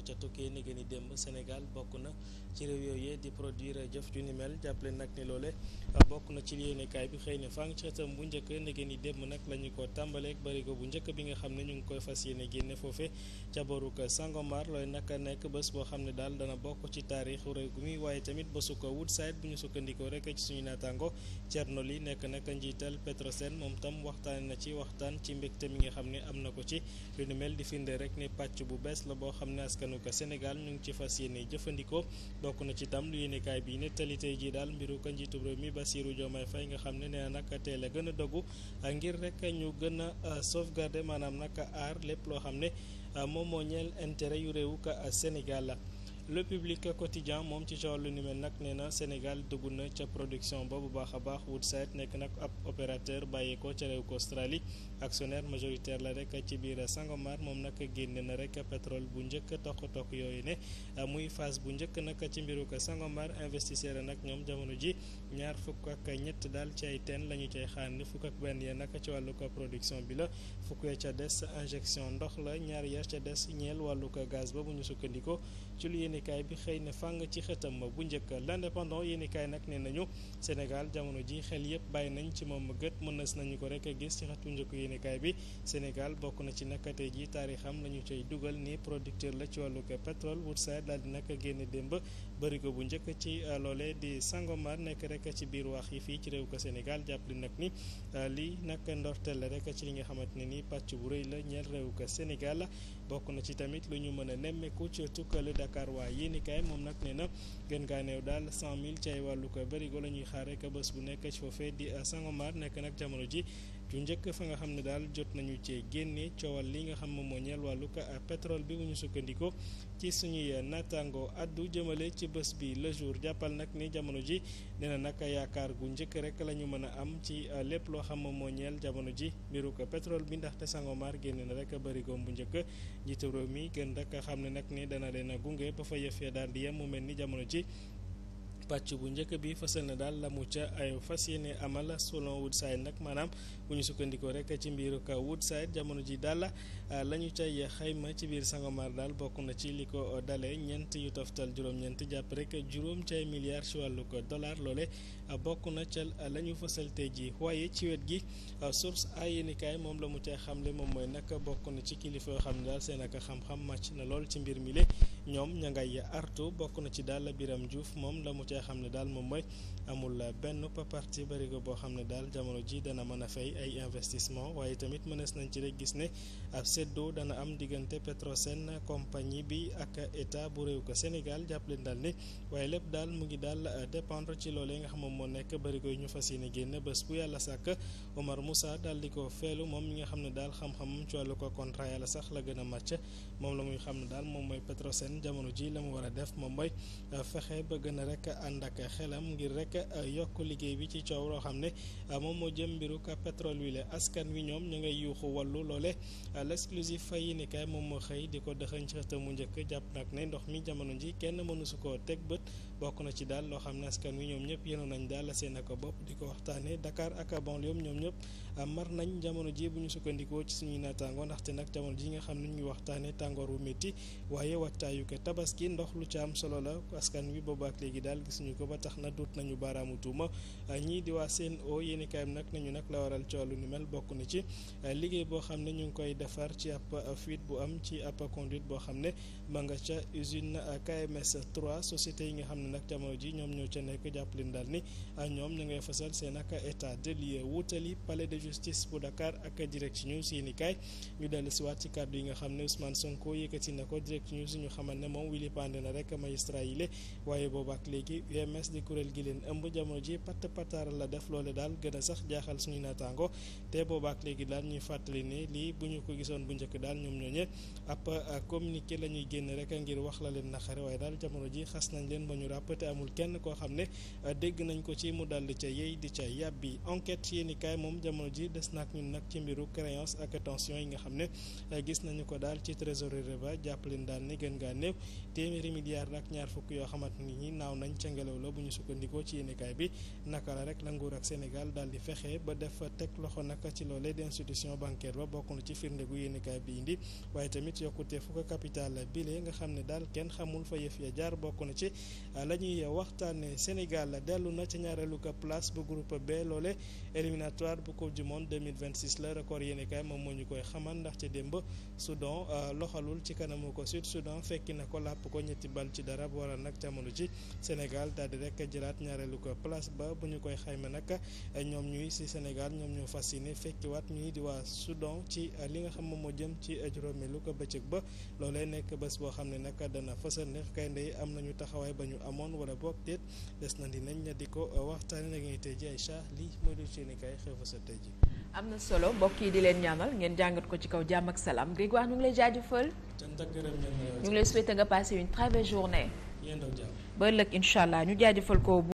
ginnaaw ca tukkee ni gën i démb Sénégal bokk na ci réew yooyu di produire jëf ju ni mel jàppale nag ni loole bokk na ci yéenekaay bi xëy na fànn ci xëtam bu njëkk ni gën i démb nag la ñu ko tàmbaleeg barigo bu njëkk bi nga xam ne ñu ngi koy fas yéene génne foofe ca boruk Sangomar looy naka nekk bés boo xam ne daal dana bokk ci taarixu réew mi waaye tamit bésu ko Woodside bu ñu sukkandikoo rek ci suñu naataango Thierno Ly nekk nag njiital mi nga xam ne am na askanuk Sénégal ñu ngi ci fas yéene jëfandikoo bokk na ci tam lu yéenekaay bi nettali tey jii daal mbiru ko njiitu réew mi Bassirou Diomaye Faye nga xam ne nee na nag teel a gën a dogu ngir rek ñu gën a sauvegarder maanaam nag aar lépp loo xam ne moom moo ñeel yu réewu ka Sénégal la le public quotidien moom ci genre lu ni mel nag nee na Sénégal dugg na ca production ba bu baax a baax Woodside nekk nag ab opérateur bàyyeekoo ca réew ko Australie actionnaire majoritaire la rek ci biir Sangomar moom nag génne na rek pétrole bu njëkk tokk-tokk yooyu ne muy phase bu njëkk nag ci mbiru ko Sangomar investisseur nag ñoom jamono ji ñaar fukk ak ñett daal ci ay teen la ñu cay xaar ni fukk ak benn ya nag ci wàllu ko production bi la fukk ca des injection ndox la ñaar ya ca des ñeel wàllu ko gaz ba yéenekaay bi xëy na fàng ci xëtam bu njëkk l'indépendant yéenekaay nag nee nañu Sénégal jamono ji xel yëpp bàyyi nañ ci moom gët mënees nañu ko rek gis ci xëtu njëkk yéenekaay bi Sénégal bokk na ci nag tey jii taarixam la ñu cay dugal ni producteur la ci wàllu pétrole Woodside daal di nag génne démb bërigo bu njëkk ci euh, loole di Sangomar nekk rek ci biir wax yi fii ci réew ko Sénégal jàppale nag ni euh, lii nag ndorteel la rek ci li nga xamante ne ni pàcc bu rëy la ñeel réew ko Sénégal bokk na ci tamit lu ñu mën a nemmeeku ci tukkalu Dakar waaye yéenikaay moom nag nee na gën gaa néew daal cent mille wàllu ko bërigo la ñuy xaare ka bés bu nekk ci foofee di Sangomar nekk nag jamono ji ju njëkk fa nga xam ne daal jot nañu cee génne coowal li nga xam moom moo ñeel wàllu ko pétrole bi bu ñu sukkandikoo ci suñuy naataango addu jëmale ci bés bi le jour jàppal nag ni jamono ji nee na nag yaakaar gu njëkk rek la ñu mën a am ci euh, lépp loo xam moom moo ñeel jamono ji mbiru ko pétrole bi Sangomar génne na rek bërigoom bu njëkk njiitu réew mi gën rek xam ne nag ni dana leen gunge ba fa yëfee daal di yem mu mel ni jamono ji pàcc bu njëkk bi fësal na daal la mu ca ay fas yéene amala selon Woodside nag maanaam bu ñu sukkandiku rek ci mbiru ka Woodside jamono ji daal ah, la ñu cay xayma ci biir Sangomar daal bokk na ci li ko dalee ñeent yu toftal juróom-ñeent jàpp rek juróom cay milliards ci wàllu ko dollar loole ah, bokk na ca la ñu fësal tey ji waaye ci wet gi ah, source ay yéenikaay moom la mu xam xamle moom mooy nag bokk na ci kilifa yoo xam ne daal seen ak xam-xam màcc na lool ci mbir mi le ñoom ña ngay artu bokk na ci daal Biram Diouf moom la mu cee xam ne daal moom mooy amul benn parti barigo boo xam ne daal jamono ji dana mën a fay ay investissement waaye tamit mënees nañ ci rek gis ne ab séddoo dana am diggante Petrosen compagnie bi ak état bu réew ko Sénégal jàppaleen daal ni waaye lépp daal mu ngi daal dépendre ci loolee nga xam moom moo nekk barigo yi ñu fas yéene génn bés bu yàlla sàkk Omar Moussa daal di ko feelu moom mi nga xam ne daal xam-xamam wàllu ko contrat yàlla sax la gën a màcc Petrosen Sène jamono ji la mu war a def moom mooy euh, fexe ba gën rek ànd ak xelam ngir rek euh, yokk liggéey bi ci coow loo xam ne euh, moom moo jëm mbiru pétrole wi la askan wi ñoom ñu ngay yuuxu wàllu loole l'exclusif fa yi nikaay moom moo xëy di ko dëxëñ xëta mu njëkk jàpp nag ne ndox mi jamono ji kenn mënu su koo teg bët bokk na ci daal loo xam ne askan wi ñoom ñëpp yenoon nañ daal seen ak bopp di ko waxtaane Dakar ak banlieue ñoom ñëpp mar nañ jamono ji bu ñu sukkandikoo ci suñuy naataango ndaxte nag jamono ji nga xam ne ñuy waxtaane tàngoor wu métti fayu ko tabaski ndox lu ci am solo la askan wi boobaak léegi daal gisuñu ko ba tax na duut nañu baaraamu tuuma ñii di waa Sen'Eau yéeni kaayam nag nañu nag la waral coolu ni mel bokk na ci liggéey boo xam ne ñu ngi koy defar ci a fuite bu am ci ab conduite boo xam ne ma nga ca usine KMS 3 société yi nga xam ne nag jamono ji ñoom ñoo ca nekk jàppaleen daal ni ñoom ñu ngay fasal seen ak état de lieu wutali palais de justice bu Dakar ak direct news yéeni kaay ñu dellu si waat ci kàddu yi nga xam ne Ousmane Sonko yëkkati na ko direct news ñu xamal ne moom Willy Pandé na rek magistrat yi le waaye boobu ak léegi UMS di kuréel gi leen ëmb jamono ji patt pataaral la def loole daal gën sax jaaxal suñu naataango te boobu léegi daal ñuy fàttali ne lii bu ñu ko gisoon bu njëkk daal ñoom ñooñe ab la ñuy génn rek ngir wax la leen naqare waaye daal jamono ji xas nañ leen ba ñu ràpp te amul kenn koo xam ne dégg nañ ko ci mu dal ca yey di ca yàbbi enquête yéeni kaay moom jamono ji des naak ñun nag ci mbiru créance a tension yi nga ne gis nañu ko daal ci lépp téeméeri milliards ak ñaar fukk yoo xamante ni ñi naaw nañ ca ngelaw la bu ñu sukkandikoo ci yéenekaay bi naka la rek la nguur ak Sénégal daal di fexe ba def teg loxo nag ci loolee di institution bancaire ba bokk na ci firnde gu yéenekaay bi indi waaye tamit yokkute fukk capital bile nga xam ne daal kenn xamul fa yëf ya jaar bokk na ci la waxtaane Sénégal dellu na ca ñaareelu ka place bu groupe B loole éliminatoire bu coupe du monde 2026 la record yéenekaay moom moo ñu koy xamal ndax ca démb Soudan euh, loxalul ci kanamu tekki na ko làpp ko ñetti bal ci dara bu waral nag jamono ji Sénégal daal di rek jëlaat ñaareelu ko place ba bu ñu koy xayma nag ñoom ñuy si Sénégal ñoom ñoo fas yéene fekkiwaat ñu di waa Soudan ci li nga xam moom moo jëm ci juróomeelu ko bëcëg ba loolee nekk bés boo xam ne nag dana fësal ne gaynde yi am nañu taxawaay ba ñu amoon wala boog déet des na nañ dinañ di ko waxtaanee nag ñuy tey ji ay saa lii mooy lu xew fësal tey ji am na solo mbokk yi di leen ñaanal ngeen jàngat ko ci kaw jàmm ak salaam Grégoire ñu ngi lay jaajëfal. ñu ngi lay souhaiter nga passer une très belle journée. ba ëllëg incha allah ñu jaajëfal ko.